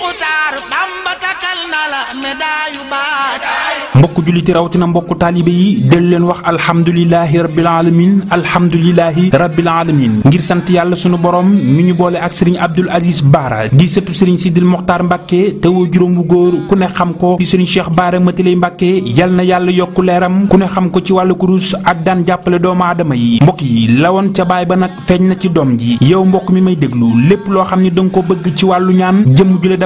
muxtaar mbokku julliti rawatina mbokku taalibe yi del leen wax alhamdulilahi rabbil alamin alhamdulilahi rabbil alamin ngir sant yàlla sunu borom mi ñu boole ak sëriñ Abdul Aziz Baara di sëtu sëriñ Sidil Mokhtar Mbacke te woo juróom bu góor ku ne xam ko di sëriñ Cheikh Baara Matiley Mbacke yal na yàlla yokk leeram ku ne xam ko ci wàllu kurus ak daan jàppale doomu aadama yi mbokk yi lawoon ca baay ba nag feeñ na ci doom ji yow mbokk mi may déglu lépp loo xam ni danga bëgg ci wàllu ñaan jëm jule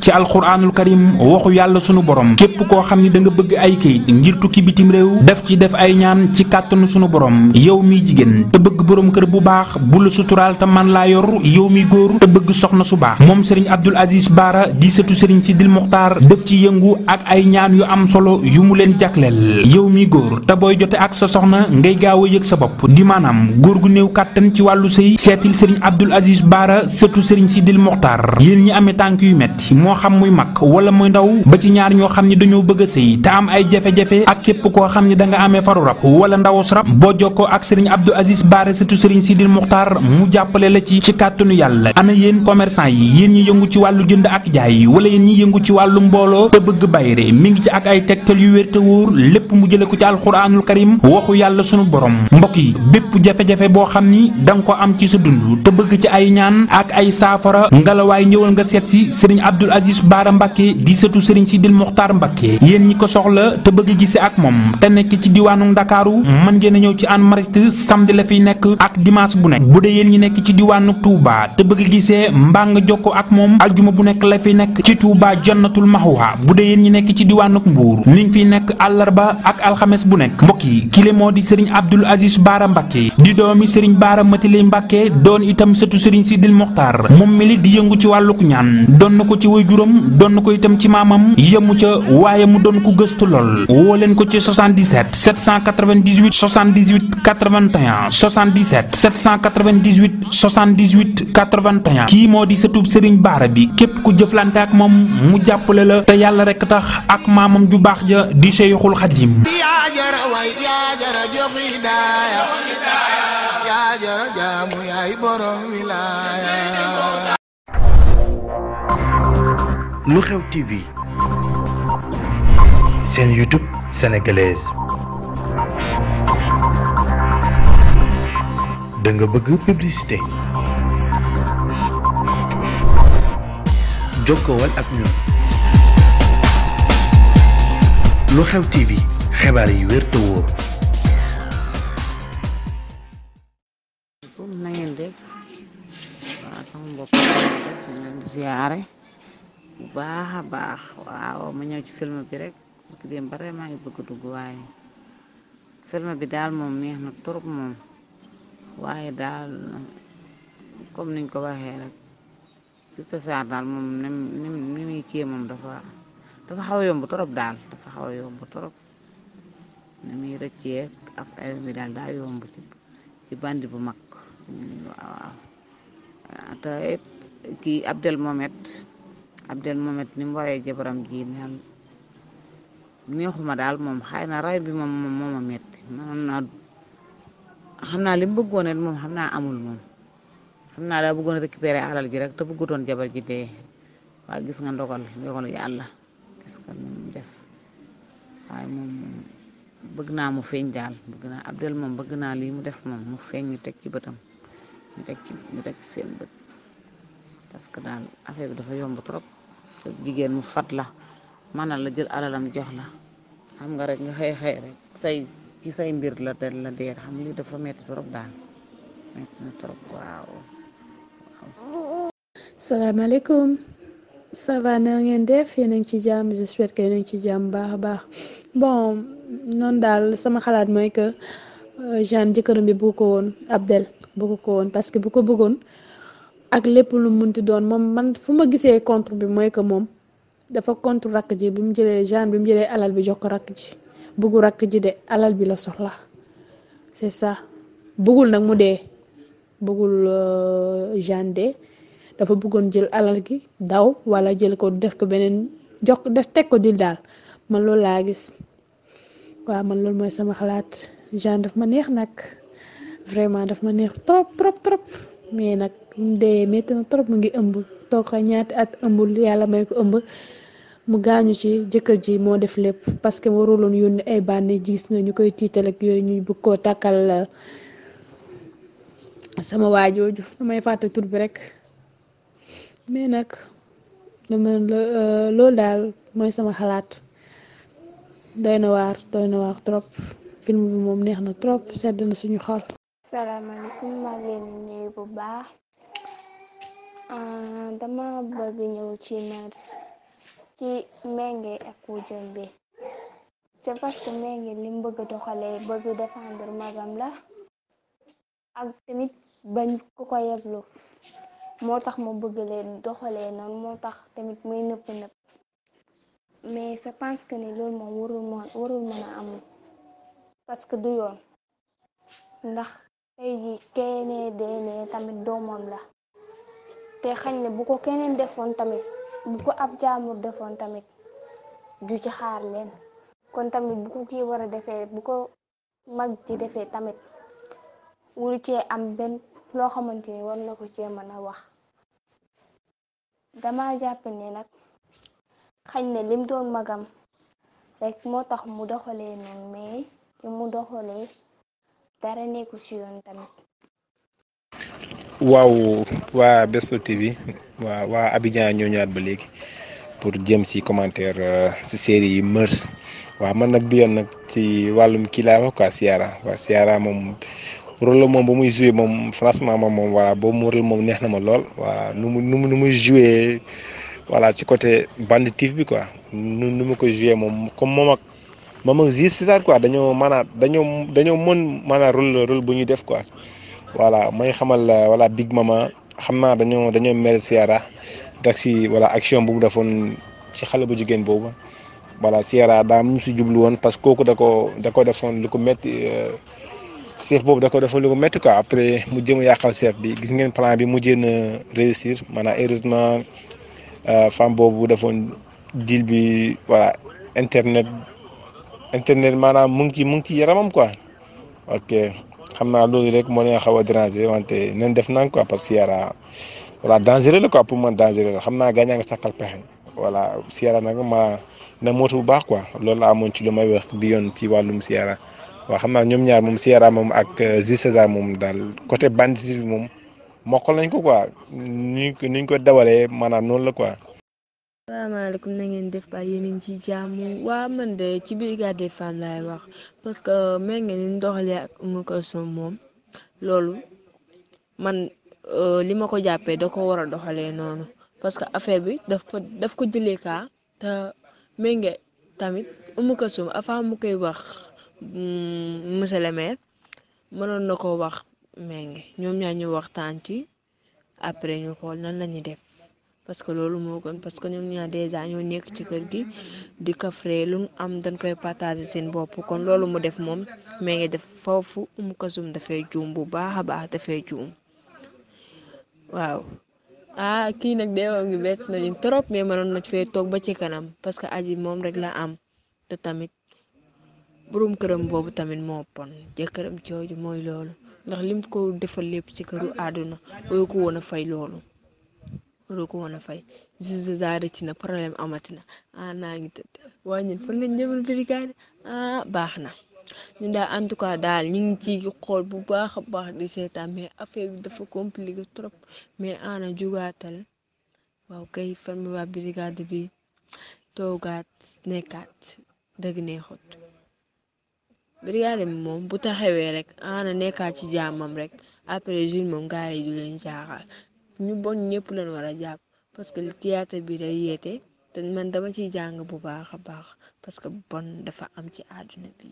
ci waxu yàlla sunu borom képp koo xam ni danga bëgg ay kayit ngir tukki bitim réew daf ci def ay ñaan ci kàttanu sunu borom yow miy jigéen te bëgg borom kër bu baax bu la suturaal te man laa yor yow mi góor te bëgg soxna su baax moom sëriñ Abdul Aziz Baara di sëtu sëriñ dil Muxtaar daf ci yëngu ak ay ñaan yu am solo yu mu leen jagleel yow mi góor te booy jote ak sa soxna ngay gaaw a yëg sa bopp di maanaam góor gu néew kàttan ci wàllu sëy seetil sëriñ Abdul Aziz Baara sëtu sëriñ Sidil Muxtaar yéen ñi muy ndaw ba ci ñaar ñoo xam ni dañoo bëgg a sëy te am ay jafe-jafe ak képp koo xam ni da nga amee faru rab wala ndawus rab boo jokkoo ak sëriñ Abdou Aziz Baare sëtu sëriñ Sidil Muxtaar mu jàppale la ci ci kàttanu yàlla ana yéen commerçant yi yéen ñi yëngu ci wàllu jënd ak jaay wala yéen ñi yëngu ci wàllu mbooloo te bëgg bayre mi ngi ci ak ay tegtal yu wér te wóor lépp mu jële ko ci alxuraanul karim waxu yàlla sunu borom mbokk bépp jafe-jafe boo xam da nga ko am ci sa dund te bëgg ci ay ñaan ak ay saafara sëtu sëriñ Sidil Muxtaar Mbakke yéen ñi ko soxla te bëgg gise ak moom te nekk ci diwaanu Ndakaaru hmm? mën ngeen a ñëw ci Hann Mariste samedi la fiy nekk ak dimanche bu nekk bu dee yéen nekk ci diwaanu Touba te bëgg gisee mbaa nga jokkoo ak moom aljuma bu nekk la fiy nekk ci Touba Jannatul Mahwa bu dee yéen ñi nekk ci diwaanu Mbuur mi ngi fiy nekk àllarba ak alxames bu nekk mbokk yi kile moo di sëriñ Abdul Aziz Baara Mbakke di doomi sëriñ Baara Matiley Mbakke doon itam sëtu sëriñ Sidil Muxtaar moom mi li di yëngu ci wàlluk ñaan doon na ko ci waajuram doon na ko itam am ci maamam yemu ca waaye mu doon ku gëstu lool woo leen ko ci 77 798 78 81 77 798 78 81 kii moo di sëtub Serigne Baara bi képp ku jëflante ak moom mu jàppale la te yàlla rekk tax ak maamam ju baax ja di Seyxul Xadim lu xew TV seen YouTube sénégalaise da bëgg publicité jokkowal ak ñun lu xew TV xibaar yi wér wóor. baax a baax waaw ma ñëw ci film bi rek parce que dem bare maa ngi bëgg dugg waaye film bi daal moom neex na trop moom waaye daal comme niñ ko waxee rek si Sarr daal moom ni ni kii moom dafa dafa xaw a yomb trop daal dafa xaw a yomb trop ni muy rëccee ak ay mi daal daa yomb ci bandi bu mag waaw te kii Abdel Momet Abdel Momet ni mu jabaram ji neen neexuma daal moom xay na ray bi moom moom moo ma metti manoon naa xam naa li mu bëggoon xam naa amul moom xam naa daa bëggoon récupérer alal ji rek te bëggutoon jabar ji dee waaye gis nga ndogal ndogalu yàlla gis nga nu naa mu feeñ daal bëgg naa Abdel moom bëgg naa lii mu def moom mu feeñ ñu teg ci bëtam ñu teg ci ci seen bët parce que daal affaire bi dafa yomb trop. sa jigéen mu fat la mënal la jël alalam jox la xam nga rek nga xëy xëy rek say ci say mbir la la deer xam li dafa metti trop daal metti na trop waaw ngeen def yéen a ci jàmm j'espère que yéen a ngi ci jàmm baax a baax bon noonu daal sama xalaat mooy que euh, Jeanne jëkkëram bi bu ko woon Abdel bu ko woon parce que bu ko bëggoon ak lépp lu munti doon moom man fu ma gisee contre bi mooy que moom dafa contre rakk ji bi mu jëlee Jeanne bi mu jëlee alal bi jox ko rakk ji buggu rakk ji de alal bi la soxla c'est ça buggul nag mu dee bëggul Jeanne euh, dee dafa buggoon jël alal gi daw wala jël ko def ko beneen jox def teg ko di daal man loolu laa gis waaw man loolu mooy sama xalaat Jeanne daf ma neex nag vraiment daf ma neex trop trop trop. mais nag mu dee métti na trop mu ngi ëmb toog ko ñaati at ëmbul yàlla may ko ëmb mu gaañu ci jëkkër ji moo def lépp parce que waruloon yónni ay bànn gis nga ñu koy tiital ak yooyu ñu bëgg koo tàkkal uh, sama waajooju damay fàtte tur bi rek mais nag dama uh, loolu daal mooy sama xalaat doy na waar doy na waar trop film bi moom neex na trop sedd na suñu xol. salaamaaleykum maa leen nuyu bu baax dama bëgg ñëw ci mers ci Mengue ak wujjam bi c'est parce que Mengue lim bëgg doxalee bëgg défendre magam la ak tamit bañ ku ko yeblu moo tax mu bëgg leen doxalee noonu moo tax tamit muy nëpp nëpp mais je pense que ni loolu moom warul mën a am parce que du yoon ndax tey jii keene tamit doomam la te xañ ne bu ko defoon tamit bu ko ab jaamur defoon tamit ju ci xaar kon tamit bu ko kii war a defee bu ko mag ji defee tamit wuru ce am benn loo xamante ni war na ko cee mën a wax dama jàpp ne nag xañ ne lim doon magam rek moo tax mu doxalee noonu mais mu doxalee dara nekku si yoon tamit. waaw waa Besto TV waa waa Abidjan ñoo ñëwaat ba léegi pour jëm si commentaire euh, si série yi Mœurs waaw man nag bi yoon nag ci wàllum kii laa wax quoi Ciara moom rôle la moom ba muy joué moom franchement ma moom voilà boobu mu rôle moom neex na ma lool waa nu mu nu mu nu muy voilà ci côté banditif bi quoi nu nu mu ko joué moom comme moom moom ak Jules César quoi dañoo maanaam dañoo mën maanaam rôle bu ñuy def quoi voilà may xamal euh, voilà Big Mama xam naa dañoo dañoo mel Ciara ndax si voilà action bu mu defoon ci xale bu jigéen boobu voilà Ciara daa mu si jublu woon parce que kooku da ko da ko defoon lu ko métti euh, chef boobu da ko defoon lu ko métti quoi après mu jëm yàqal chef bi gis ngeen plan bi mu na réussir maanaam heureusement euh, femme boobu defoon deal bi voilà internet. internet maanaam mu ngi ci mu ngi ci yaramam quoi ok xam naa loolu rek moo leen xaw a déranger wante nañ def naan quoi parce que Ciara voilà la quoi pour man dangereux la xam naa gaañ a nga sàkkal pexe wala Ciara nag ma na moot bu baax quoi loolu la amoon ci lu may wax bi yoon ci wàllum Ciara waaw xam naa ñoom ñaar moom Ciara moom ak Jules euh, César moom daal côté banditisme moom mokkal nañ ko quoi ni ñu ko ni ñu ko la quoi. salaamaaleykum na ngeen def ba yéen ci jàmm waa man de ci biir des femmes laay wax parce que mel ngeen doxalee ak ko Kalsoum moom loolu man euh, li ma ko jàppee da ko war a doxalee noonu parce que affaire bi daf ko daf ko jëlee kaa te ménge tamit Oumou Kalsoum avant mu koy wax mm, monsieur le maire mënoon na ko wax ménge ñoom ñaa ñu waxtaan ci après ñu xool nan la ñuy def. parce que loolu moo gën parce que ñoom ñaar dèjà ñoo nekk ci kër gi di kafre lu am dañ koy partager seen bopp kon loolu mu def moom mais ngi def foofu mu kasum dafay juum bu baax a baax dafay juum waaw ah kii nag deewam ngi bett na trop mais mënoon na fee toog ba ci kanam parce que aji moom rek la am te tamit borom këram boobu tamit moo pon jëkkëram jooju mooy loolu ndax lim ko defal lépp ci këru àdduna wooyu ko woon a fay loolu waroo ko woon a fay juge na problème amati na ah naa ngi tëdd waa ñun fan brigade ah baax na ñun daal en tout cas daal ñu ngi ci xool bu baax a baax di seetaan mais affaire bi dafa compliqué trop mais ana jugaatal waaw kay fan waa brigade bi toogaat nekkaat dëgg neexut brigade moom bu taxawee rek ana nekkaat jaamam rek après jour moom gaay yi jaaxal ñu bon ñëpp lañ war a jàpp parce que théâtre bi day yeete te man dama ciy jàng bu baax a baax parce que bon dafa am ci àdduna bi.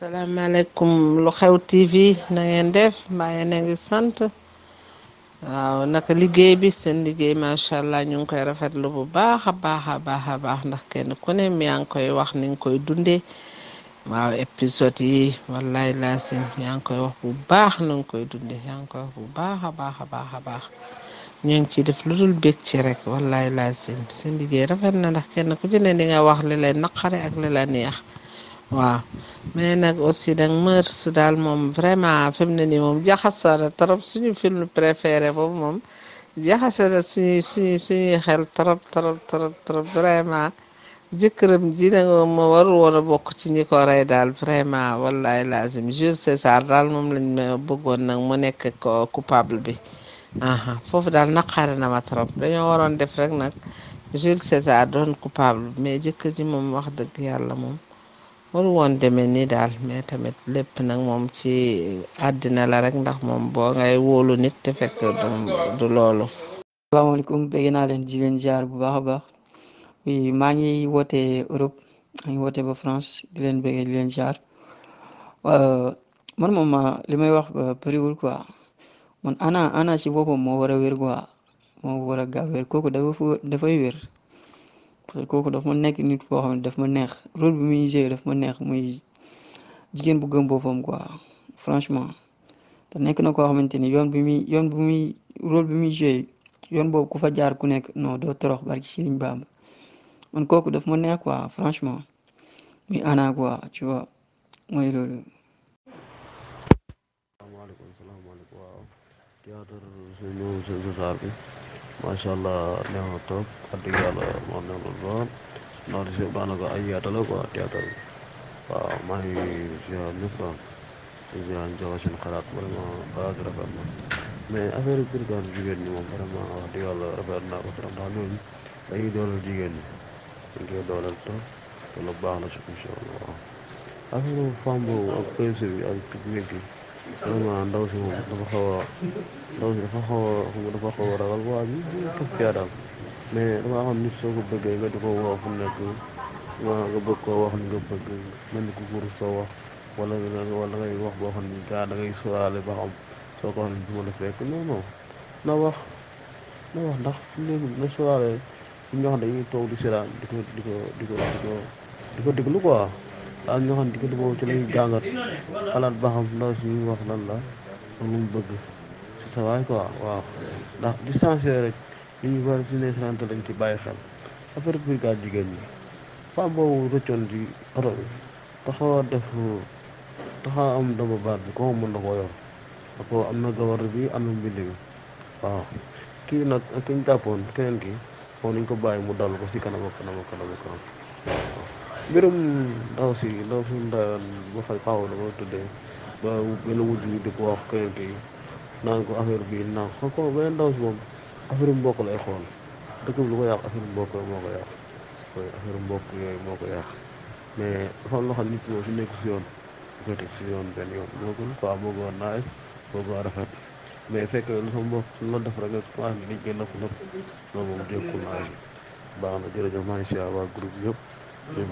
salaamaaleykum lu xew TV nangeen def mbaa yéen ngi sant waaw naka liggéey bi seen liggéey macha allah ñu ngi koy rafetlu bu baax a baax a baax a baax ndax kenn ku ne yaa ngi koy wax ni nga koy dundee. waaw épisode yi wallaay laasim yaa ngi koy wax bu baax na koy dunde yaa koy wax bu baax a baax a baax a baax ñu ngi ciy def lu dul bég ci rek wallaay laasim seen liggéey rafet na ndax kenn ku ci ne di nga wax li lay ak li la neex waaw mais nag aussi nag mœurs daal moom vraiment fi mu ne nii moom jaxasoo na trop suñu film préféré boobu moom jaxasoo na suñuy suñuy suñuy xel trop trop trop trop vraiment jëkkëram ji na nga ma waru woon a bokk ci ñi ko rey daal vraiment wallahi lazim Jules César daal moom lañ ma bëggoon nag mu nekk ko coupable bi aha foofu daal naqare na ma trop dañoo waroon def rek nag Jules César doon coupable mais jëkkër ji moom wax dëgg yàlla moom waru woon demee nii daal mais tamit lépp nag moom ci addina la rek ndax moom boo ngay wóolu nit te fekk du loolu oui maa ngi woote Europe maa ngi woote ba France di leen bëggee di leen jaar euh, man moom li may wax euh, bëriwul quoi man ana ana ci boppam moo war a wér quoi moo war a gaaw wér kooku dafa dafay wér parce que kooku daf ma nekk nit koo xam ne daf ma neex rôle bi muy jouer ma neex muy jigéen bu gëm boppam quoi te nekk na koo xamante ni yoon bi muy yoon bi muy rôle bi muy yoon boobu ku fa jaar ku nekk non doo torox barki Sëriñ Bamba man kooku daf moo neex quoi franchement muy ana quoi tu vois mooy loolu. salaamaaleykum salaamaaleykum waaw théâtre saar bi macha allah neex na trop wax dëgg yàlla moo neex na lool ndax ay yaata la quoi théâtre bi waaw maa ngi ziar ñëpp daal di ziar joxe seen xalaat vraiment xalaat rafet na mais affaire brigade jigéen ñi moom vraiment wax dëgg yàlla rafet naa ko trop ndax ñooñu dañuy dooleel jigéen ñi. dañ koy dooleel trop te lu baax la si incha allah affaire femme boobu bi ak technique yi vraiment ndaw si moom dafa xaw xaw dafa xaw a ragal waa a daal mais damaa xam soo ko bëggee nga di ko woo fu nekk nga bëgg koo wax ni nga bëgg mel ni ku kuur soo wax wala wala ngay wax boo xam ni ba xam soo ko xam ne du la fekk non na wax na wax ndax fi nekk na sóoraale am ñoo xam ne dañuy toog di seetaan di ko di ko di ko di ko di ko déglu quoi ak ñoo xam ne di ko déglu ci lañuy jàngat xalaat ba xam ndaw si ñuy wax lan la lu mu bëgg si sa waay quoi waaw ndax distancié rek li ñu war si ne sanante lañ ci bàyyi xel affaire brigade jigéen ñi femme boobu rëccoon ci oto bi taxaw def taxaw am dama baat bi ko mën na koo yor da ko am na gawar bi am na mbind bi waaw kii nag ak ki ñu jàppoon keneen ki foofu nañ ko bàyyi mu dal ko si kanam ak kanam ak kanam ndaw si ndaw si ndaan ba fay paaw dama tuddee ba benn wujj bi di ko wax keneen ko affaire bi naan ko ko beneen ndaw si moom affaire mbokk lay xool dëkk bi lu ko yàq affaire mbokk moo ko yàq mooy yooyu moo ko yàq mais dafa am loo nekk si yoon si yoon benn rafet mais fekk lu sama mbokk loolu def rek nga commencé nit ñi na jërëjëf maa ngi si waa groupe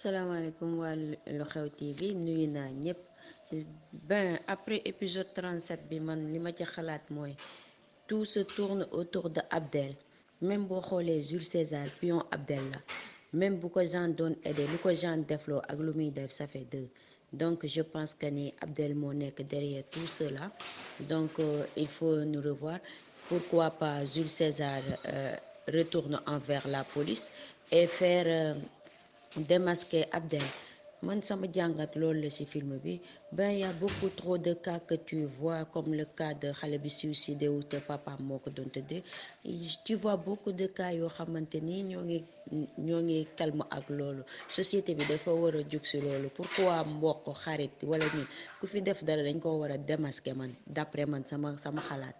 salaamaaleykum waa lu xew TV nuyu naa ñëpp ben après épisode 37 bi man li ma ci xalaat mooy tout se tourne autour de Abdel même boo xoolee Jules César pion Abdel la même bu ko Jean doon aidé lu ko Jean defloo ak lu muy def ça fait deux donc je pense que ni Abdel moo nekk derrière tout cela donc euh, il faut nous revoir pourquoi pas Jules César euh, retourne envers la police et faire euh, démasquer Abdel man sama jàngat loolu la ci film bi ben y a beaucoup trop de cas que tu vois comme le cas de xale bi suicidé wu te moo ko doon tëddee tu vois beaucoup de cas yoo xamante ni ñoo ngi ñoo ngi calme ak loolu société bi dafa war a jug si loolu pourquoi mbokk xarit wala ni ku fi def dara dañ ko war a démasquer man d'après man sama sama xalaat